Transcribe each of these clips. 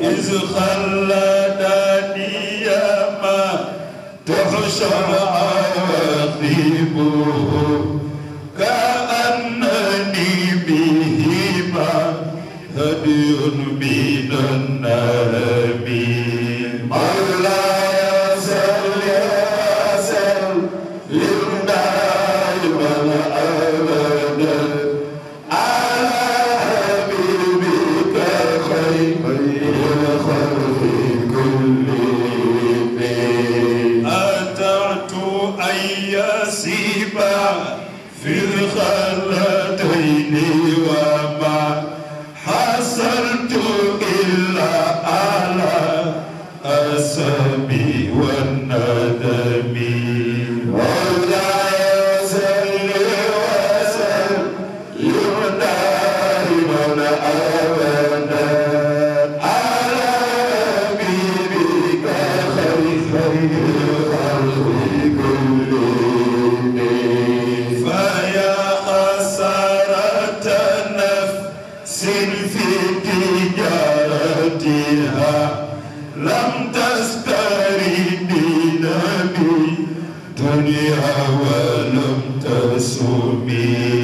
إذ خلدني ما تحشر عواقبه كأنني بهما هدي من النار في الخلتين وما حصلت لم تستريني نبي دنيا ولم تسميني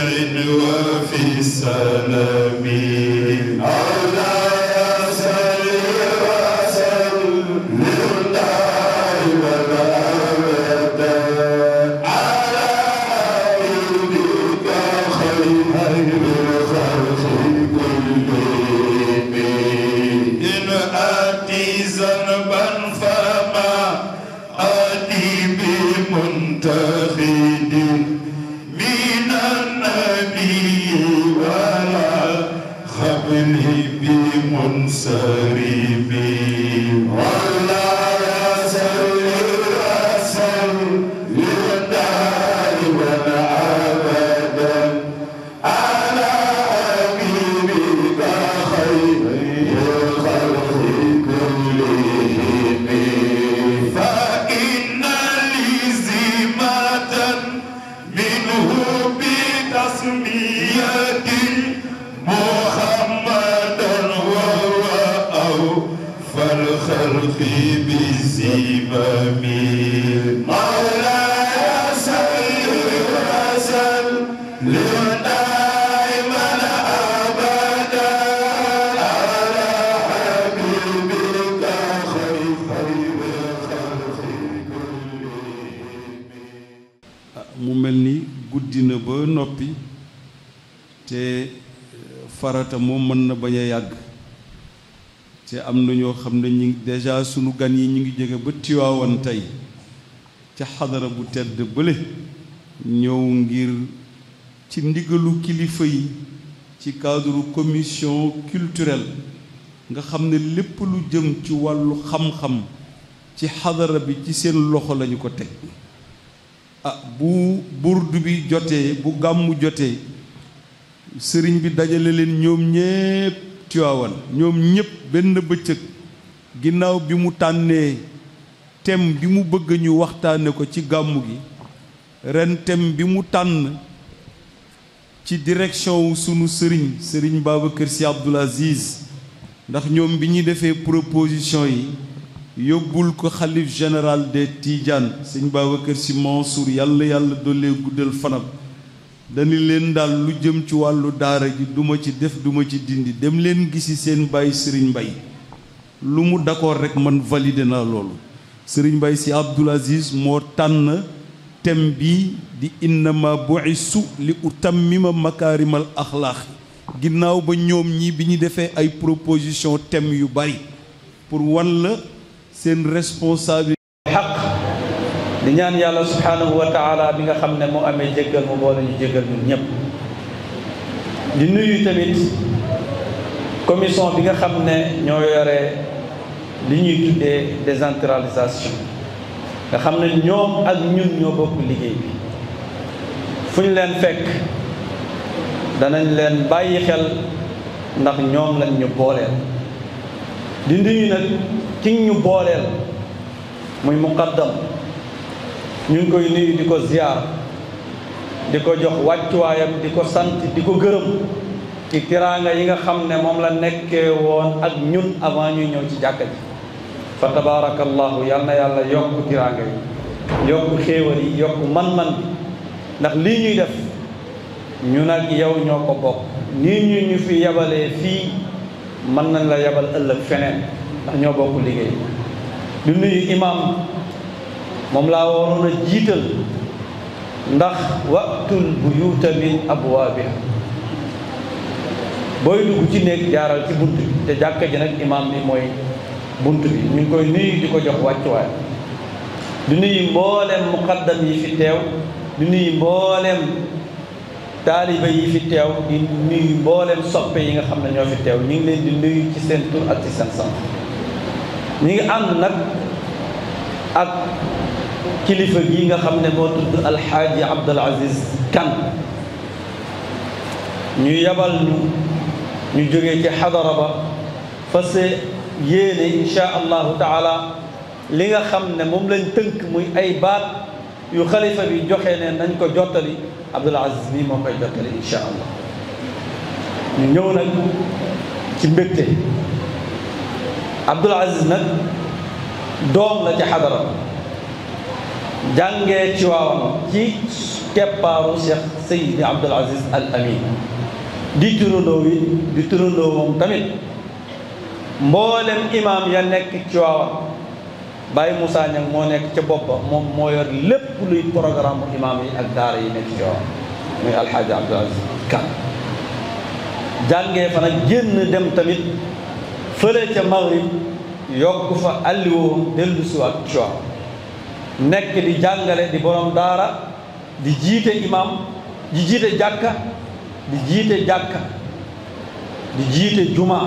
خير وفي السلام أولى noppi te euh, farata moom mën na bañ a yàgg te am na ñoo xam ne ñu déjà sunu gan yi ñu ngi jóge ba Tiwaawan tey ca xadara bu tedd bële ñëw ngir ci ndigalu kilifa yi ci cadre commission culturelle nga xam ne lépp lu jëm ci wàllu xam-xam ci xadara bi ci seen loxo lañu ko teg Ah, bu burdu bi jotee bu gàmmu jotee sëriñ bi dajale leen ñoom ñépp Tiwaawan ñoom ñépp benn bëccëg ginnaaw bi mu tànnee thème bi mu bëgg ñu waxtaane ko ci gàmmu gi ren thème bi mu tànn ci direction wu sunu sëriñ sëriñ kër Sy Abdoul Aziz ndax ñoom bi ñuy defee proposition yi yóbbul ko xalif général des Tidiane sëñ Babacar Sy Mansour yàlla yàlla doolee guddal fanam dañu leen daal lu jëm ci wàllu daara ji duma ci def duma ci dindi dem leen gisi seen bàyyi Serigne bay lu mu d'accord rek man validé naa loolu sëriñ bay Sy Abdoul Aziz moo tànn thème bi di innama bu'istu li utammima makaarimal axlaaq ginnaaw ba ñoom ñi bi ñu defee ay proposition thème yu bari pour wan la seen responsabilité xaq di ñaan yàlla subhanahu wa taala bi nga xam ne moo amee jéggal mu boole ñu jéggal ñun ñëpp di nuyu tamit commission bi nga xam ne ñoo yore li ñuy tuddee décentralisation nga xam ne ñoom ak ñun ñoo bokk liggéey bi fu ñu leen fekk danañ leen bàyyi xel ndax ñoom lañ ñu booleel di nuyu nag ci ñu booleel muy muqaddam ñu koy nuyu di ko ziyaar di ko jox wàccuwaayam di ko sant di ko gërëm ci tiraanga yi nga xam ne moom la nekkee woon ak ñun avant ñuy ñëw ci jàkka ji fa tabaarakallahu yal na yàlla yokk tiraanga yi yokk xéewal yi yokk man-man bi ndax lii ñuy def ñu nag yow ñoo ko bokk nii ñu ñu fi yabalee fii mën nañ la yabal ëllëg feneen ndax ñoo bokk liggéey du nuyu imam moom laa waroon a jiital ndax waqtul bu min abwaabiha booy dugg ci néeg jaaral ci bunt bi te jàkka ji nag imam bi mooy bunt bi ñu ngi koy nuyu di ko jox wàccuwaay du nuyu mbooleem muqaddam yi fi teew du nuyu mbooleem taaliba yi fi teew di nuyu mbooleem soppe yi nga xam ne ñoo fi teew ñu ngi leen di nuyu ci seen tur ak ci seen sant ñi ngi ànd nag ak kilifa gi nga xam ne moo tudd alxaaji Abdul Aziz Kan ñu yabal ñu ñu jógee ci xadara ba parce que yéene insha allahu taala li nga xam ne moom lañ tënk muy ay baat yu xalifa bi joxe ne nañ ko jottali Abdul Aziz bi moo koy jottali insha allah ñu ñëw nag ci mbégte Abdul Aziz nag doom la ci xadara jàngee ci waawam ci keppaaru Cheikh Seydi Abdul Aziz Al Amin di turandoo wi di turandoo moom tamit mboolem imaam ya nekk ci waawam Baye Moussa Niang moo nekk ca bopp moom moo yor lépp luy programme imaam yi ak daara yi nekk ci waawam muy Alxaaji Abdul Aziz Kan jàngee fa nag génn dem tamit fële ca maghrib yokk fa alliwoom dellusi ak coi nekk di jàngale di borom daara di jiite imam di jiite jàkka di jiite jàkka di jiite juma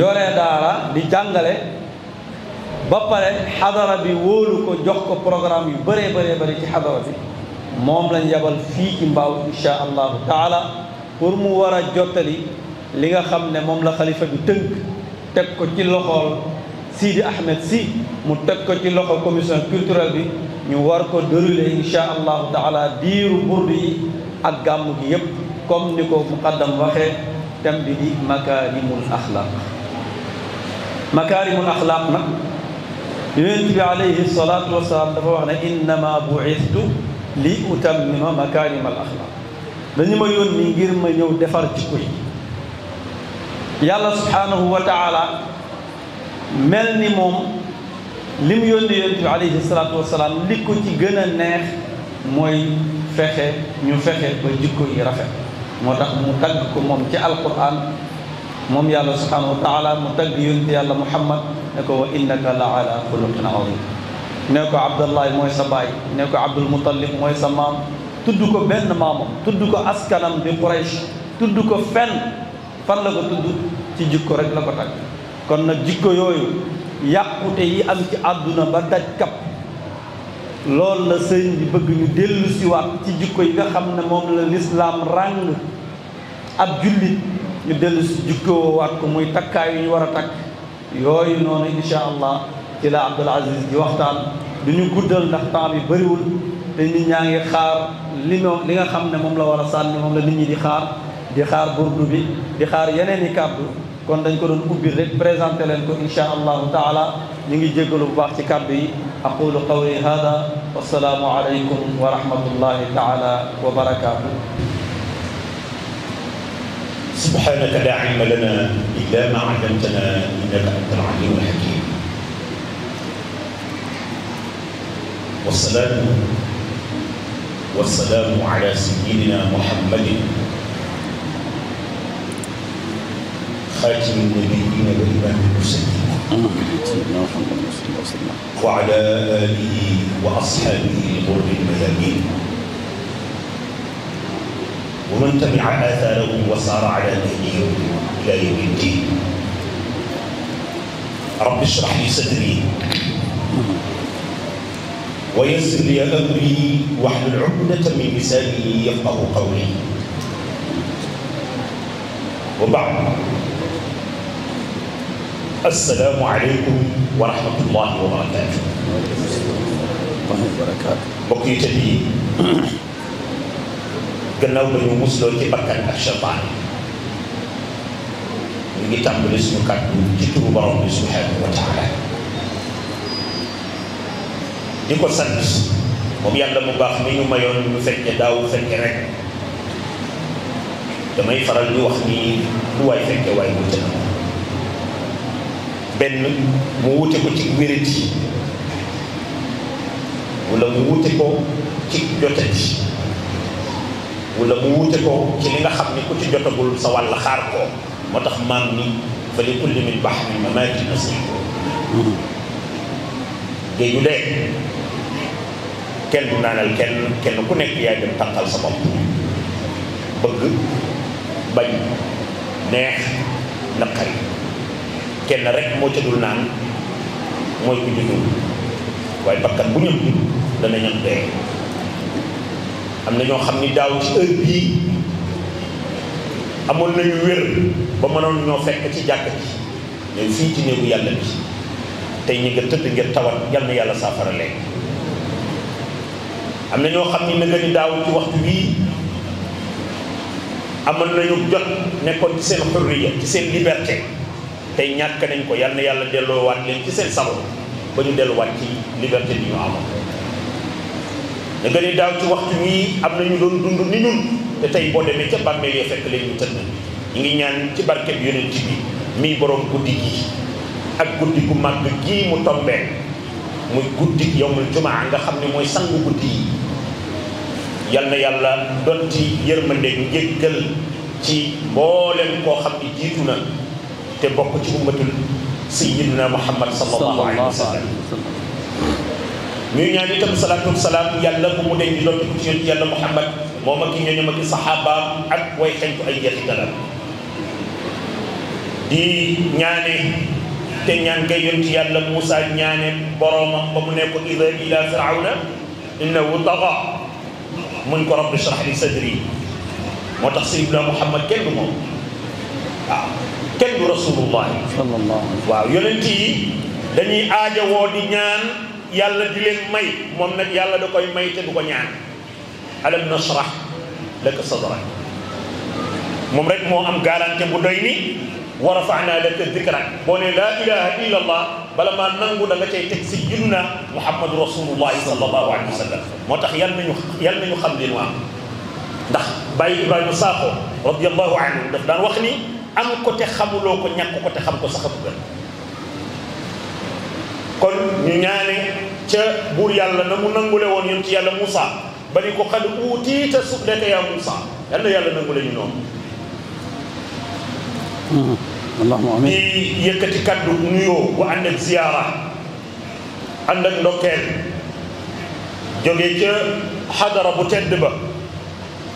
yore daara di jàngale ba pare xadara bi wóolu ko jox ko programme yu bëree bëree bëri ci moom lañ yabal fii ci mbaaw insha allahu taala pour mu war a jottali li nga xam ne moom la xalifa bi tënk teg ko ci loxool Sidi Ahmed Si mu teg ko ci loxo commission culturelle bi ñu war ko dérouler insha allahu taala diiru burdu yi ak gàmm gi yépp comme ni ko muqaddam waxee thème bi di makarimul akhlaq makarimul akhlaq nag yonent bi alayhi salatu wasalaam dafa wax ne innama bu'istu li utammima makarimal akhlaq dañu ma ni ngir ma ñëw defar ci ko yi يالله سبحانه وتعالى ملني موم لم يوليو عليه الصلاه والسلام ليكو تي غنا نيه موي فخه ني فخه با جيكو ي رافه موتاخ مو تاغكو موم تي القران موم يالله سبحانه وتعالى متغ يونت يالله محمد نكو انك لعلى خلق عظيم نكو عبد الله موي صباي نكو عبد المطلب موي سمام تدوكو بن مامو تدوكو اسكانم دي قريش تدوكو فن فان لاكو تدو ci jikko rek la ko tagg kon nag jikko yooyu yàqute yi am ci àdduna ba daj kap loolu la sëñ bi bëgg ñu dellu siwaat ci jikko yi nga xam ne moom la lislaam ràng ab jullit ñu dellu si jikko waat ko muy takkaay yu ñu war a takk yooyu noonu insha allah ci la Abdul Aziz di waxtaan du ñu guddal ndax temps bi bëriwul te nit ñaa ngi xaar li li nga xam ne moom la war a sànni moom la nit ñi di xaar di xaar burdu bi di xaar yeneen i kàddu kon dañ ko doon ubbi rek présenté leen ko insha allahu taala ñu ngi jéggalu bu baax ci kàddu yi aqulu qawli hada wa salaamu alaykum wa rahmatullahi taala wa barakaatu سبحانك لا علم لنا إلا ما علمتنا إنك أنت العليم الحكيم والسلام والسلام على سيدنا محمد خاتم النبيين والامام المرسلين وعلى آله وأصحابه الغر الميامين ومن تبع اثاره وصار على نهجهم إلى يوم الدين رب اشرح لي صدري ويسر لي أمري واحلل عقدة من لساني يفقه قولي وبعد السلام عليكم ورحمة الله وبركاته mbokk yi tëdd yi gannaaw ba ñu musloo ci bakkan ak cheytaan ñu ngi tàmbali suñu kàddu ci turu borom bi subhanahu wa taala di ko sant moom yàlla mu baax mi ñu mayoon ñu fekke daaw fekke rek damay faral di wax ni lu waay fekke waay mu tëdd benn mu wute ko ci wérati wala mu wute ko ci jotati wala mu wute ko ci li nga xam ni ku ci jotagul sa wàll xaar ko moo tax maam ni fa li kulli min baxri mamaati nasibo géeju dee kenn du naanal kenn kenn ku nekk yaa dem tànqal sa bopp bëgg bañ neex naqari kenn rek moo ca dul naan mooy ku juddu waaye bakkan bu ñam juddu dana ñam am na ñoo xam ni daaw ci heure bii amoon nañu wér ba mënoon ñoo fekk ci jàkk ci mais fii ci néegu yàlla bi tey ñi nga tëdd ngir tawat yàlla saafara léegi am na ñoo xam ni nag ni daaw ci waxtu bii amoon nañu jot nekkoon ci seen xurriya ci seen liberté tay ñàkk nañ ko yal na yàlla delloowaat leen ci seen sabab ba ñu delluwaat ci liberté bi ñu amoon da nga ne daaw ci waxtu wii am na ñu doon dund ni ñun te tey boo demee ca bàmmee yee fekk leen ñu tënn ñu ngi ñaan ci barkeb yonent bi muy borom guddi gi ak guddi gu màgg gii mu tombee muy guddi yomul jumaa nga xam ne mooy sang guddi yi yal na yàlla donti yërmandee njëggal ci mboolem koo xam ne jiitu na te bokk ci ummatul sayyidina muhammad sallallahu alayhi wa sallam ñuy ñaan itam salaatu wa salaam yàlla bu mu denc doon ci yonent yàlla muhammad moom ak ñooñu ak saxaabaam ak way xentu ay jeexitalam di ñaane te ñaan ngay yonent yàlla Moussa ñaane boroomam ba mu ne ko ida ila firawna innahu taga mun ko rabbi shrah li sadri moo tax sayyidina muhammad kenn moom waaw kenn du rasulullah waaw yonent yi dañuy aajowoo di ñaan yàlla di leen may moom nag yàlla da koy may te du ko ñaan alam nashrah laka sadrak moom rek moo am garantie bu doy ni wa rafaana laka dikrak boo ne laa ilaha illa allah bala maa nangu da nga cay teg si junna muhammadu rasulullahi sallallahu alayhi wa sallam moo tax yal nañu yal nañu xam leen waaw ndax bàyyi ibrahima saako radiallahu anhu daf daan wax ni am ko te xamuloo ko ñàkk ko te xam ko sax bu kon ñu ñaane ca buur yàlla na mu nangule woon ci yàlla Moussa ba ni ko xad uutiita su'laka yaa Moussa yal na yàlla nangule ñu noonu mm-hmm. allahumma amiin di yëkkati kaddu nuyoo bu ànd ak ziyaara ànd ak ndokkeel jógee ca xadara bu tedd ba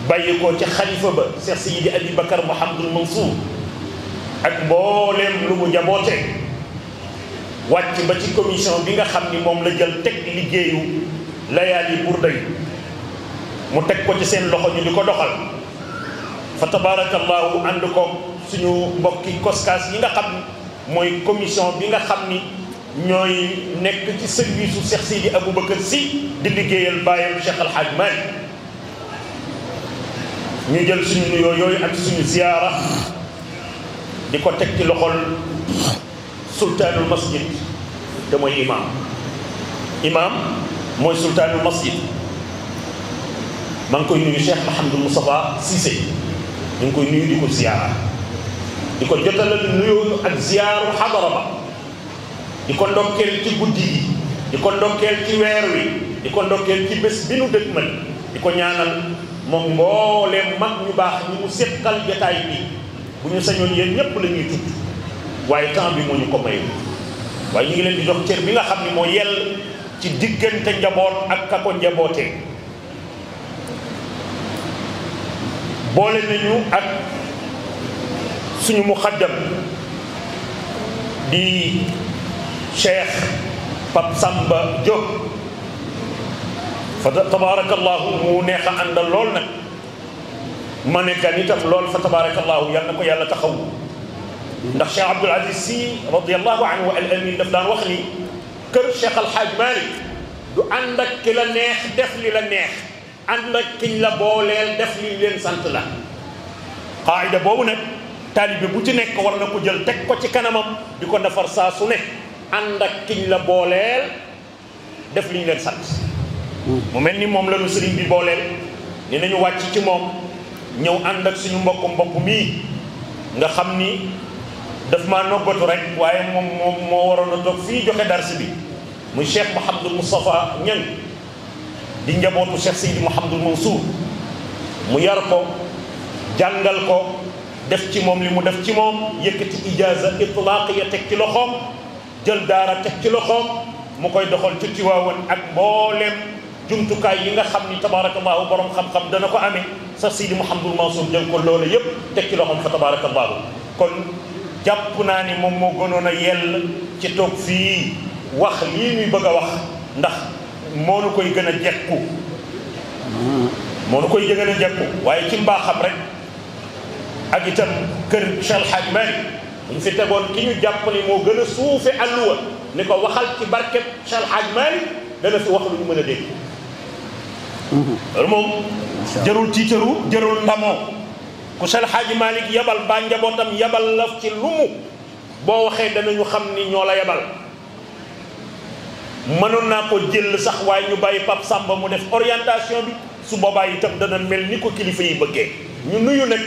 bàyyi ko ca xalifa ba Cheikh Seydi Abi Bakar Mouhamadul Mansour ak boo lu mu jaboote wàcc ba ci commission bi nga xam ni moom la jël teg liggéeyu layaali burda yi mu teg ko ci seen loxo ñu di ko doxal fa tabarakallahu ànd ko suñu mbokki koskaas yi nga xam ni mooy commission bi nga xam ni ñooy nekk ci service su Cheikh Sidi Aboubacar si di liggéeyal bàyyam Cheikh Al Hadj Malick ñu jël suñu nuyoo yooyu ak suñu ziyaara di ko teg ci loxol sultaanul masjid te mooy imaam imaam mooy sultaanul masjid maa ngi koy nuyu Cheikh Mahamadou Moustapha Cissé ñu ngi koy nuyu di ko ziyaara di ko jotalal nuyoo ak ziyaaru xadara ba di ko ndokkeel ci guddi gi di ko ndokkeel ci weer wi di ko ndokkeel ci bés bi nu dëkk man di ko ñaanal moom mbooleem mag ñu baax ñu mu séqal jotaay bi bu ñu sañoon yéen ñëpp la ñuy tudd waaye temps bi moo ñu ko mayee waaye ñu ngi leen di jox cër bi nga xam ne moo yell ci diggante njaboot ak ka ko njabootee boole nañu ak suñu muxaddam di cheikh Pape Samba Diop fa tabaarakallahu mu neex a àndal lool nag mané ne gan itam loolu fa tabarakallahu yal na ko yàlla taxaw ndax Cheikh Abdoul Aziz Sy radiallahu anhu al amin daf daan wax ni keur Cheikh Al Hadj Malick du andak ki la neex def li la neex andak ki la bolel def li len sant la qaida bobu nak talib bu ci nek war na ko jël tek ko ci kanamam diko nafar sa su nek andak ki la bolel def li len sant mu melni mom la nu serigne bi bolel ni nañu wàcc ci mom ñëw ànd ak suñu mbokk mbokk mii nga xam ni daf ma nobbatu rek waaye moom moom moo waroon a toog fii joxe dars bi muy cheikh Mouhamadul Moustapha Niang di njabootu cheikh Seydi Mouhamadul Mansour mu yar ko jàngal ko def ci moom li mu def ci moom yëkkati ijaaza itlaaq ya teg ci loxoom jël daara teg ci loxoom mu koy doxal ci Tiwaawan ak mboolem. jumtukaay yi nga xam ni tabaarakallaahu borom xam-xam dana ko amee sa Sidi Mouhamadul Mansour jël ko loola yëpp teg ci loxoom fa tabaarakallaahu kon jàpp naa ni moom moo gënoon a yell ci toog fii wax lii ñuy bëgg a wax ndax moo nu koy gën a jekku moo nu koy gën a jekku waaye ci mbaaxam rek ak itam kër Cheikh El Hadj Malick buñ fi tegoon ki ñu jàpp ni moo gën a suufe àlluwa ni ko waxal ci barkeb Cheikh El Hadj Malick dana fi wax lu ñu mën a dégg loolu moom jërul tiitaru jërul ndamo ku sel xaaji Malick yabal ba njabootam yabal la ci lumu boo waxee danañu xam ni ñoo la yabal mënoon naa ko jël sax waaye ñu bàyyi Pape Samba mu def orientation bi su boobaa itam dana mel ni ko kilifa yi bëggee ñu nuyu nag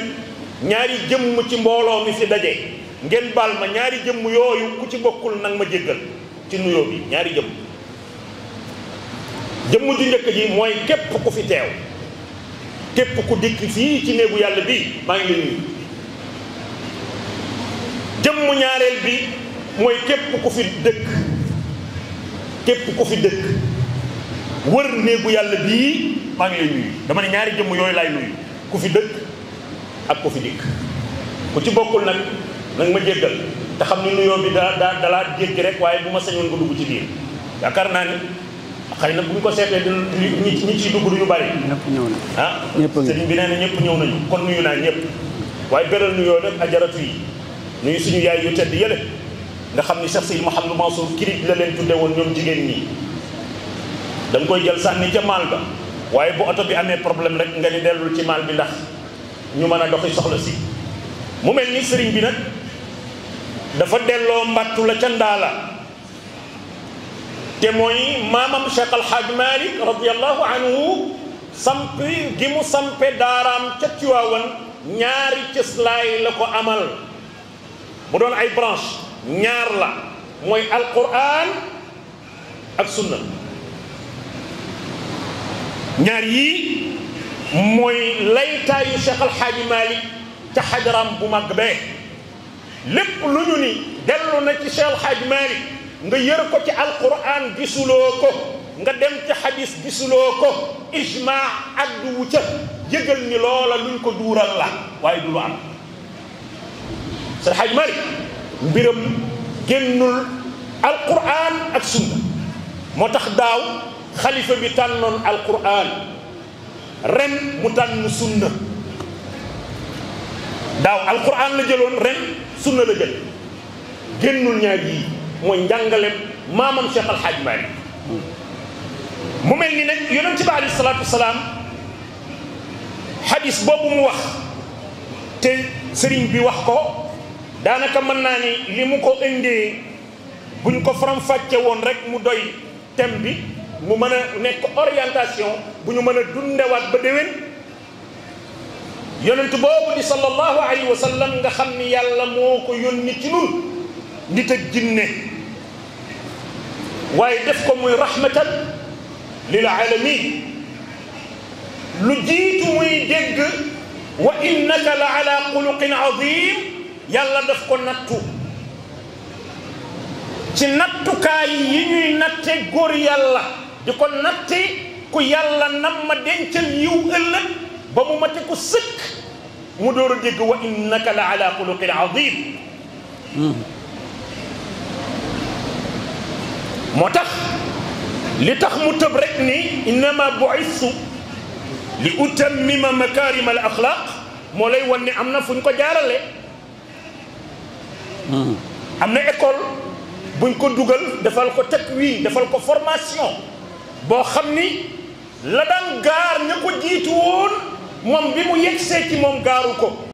ñaari jëm ci mbooloo mi ci daje ngeen baal ma ñaari jëmm yooyu ku ci bokkul nag ma jéggal ci nuyoo bi ñaari jëmm jëmm ju njëkk ji mooy képp ku fi teew képp ku dikk fii ci néegu yàlla bi maa ngi lay nuyu bi mooy képp ku fi dëkk képp ku fi dëkk wër néegu yàlla bii maa ngi lay nuyu dama ne ñaari jëmm yooyu laay nuyu ku fi dëkk ak ku fi dikk ku ci bokkul nag nag ma jéggal te xam ni nuyoo bi da da dalaa jéggi rek waaye bu ma sañoon nga dugg ci biir yaakaar naa ni xëy na bu ñu ko seetee du ñi ñi ciy dugg du ñu bari. ñëpp ñëw nañu ah. ñëpp ñëw sëriñ bi nee na ñëpp ñëw nañu kon nuyu naa ñëpp. waaye beral nuyoo nag ajaratu yi nuyu suñu yaay yu tedd yële nga xam ni Cheikh Seydou Mouhamadou Mansour kirib la leen tudde woon ñoom jigéen ñi. da koy jël sànni ca ba waaye bu oto bi amee problème rek nga ni dellul ci maal bi ndax ñu mën a doxi soxla si. mu mel ni sëriñ bi nag dafa delloo mbattu la ca ndaala. te mooy maamam Cheikh Al Hadj Malick radiallahu anhu sampe daaraam ca Tiwaawan ñaari cëslaay la ko amal mu doon ay branche ñaar la mooy alquran ak sunna ñaar yii mooy laytaayu Cheikh Al Hadj Malick ca xajaram bu mag bee lépp dellu na ci Cheikh Al Hadj nga yër ko ci alquran gisuloo ko nga dem ci xadis gisuloo ko ijma addu wu ca yëgal ni loola luñ ko duural la waaye du lu am sa xaj mari mbiram génnul alquran ak sunna moo tax daaw xalifa bi tànnoon alquran ren mu tànn sunna daaw alquran la jëloon ren sunna la jël génnul ñaar yii mooy njàngaleem maamam Cheikh Al Hadj mu mel ni nag yonent bi alayhi salaatu wasalaam boobu mu wax te sëriñ bi wax ko daanaka mën naa li mu ko indee buñ ko faram-fàcce woon rek mu doy thème bi mu mën a nekk orientation bu ñu mën a dundewaat ba déwén yonent boobu di sallallahu alayhi wa nga xam ni yàlla moo ko yónni ci nun nit ak jinne waaye def ko muy rahmatan lil alamin lu jiitu muy dégg wa innaka la ala xuluqin azim yàlla daf ko nattu ci nattukaay yi ñuy natte góor yàlla di ko natte ku yàlla nam ma dencal yiw ëllëg ba mu mate ku sëkk mu door a dégg wa innaka la ala xuluqin azim motax li tax mu teub rek ni innama bu'ithu li utammima makarim al akhlaq mo lay wan amna fuñ ko jaarale amna école buñ ko duggal defal ko takwin defal ko formation bo xamni la daan gar ñako jitu won mom bi mu yexse ci mom gaaru ko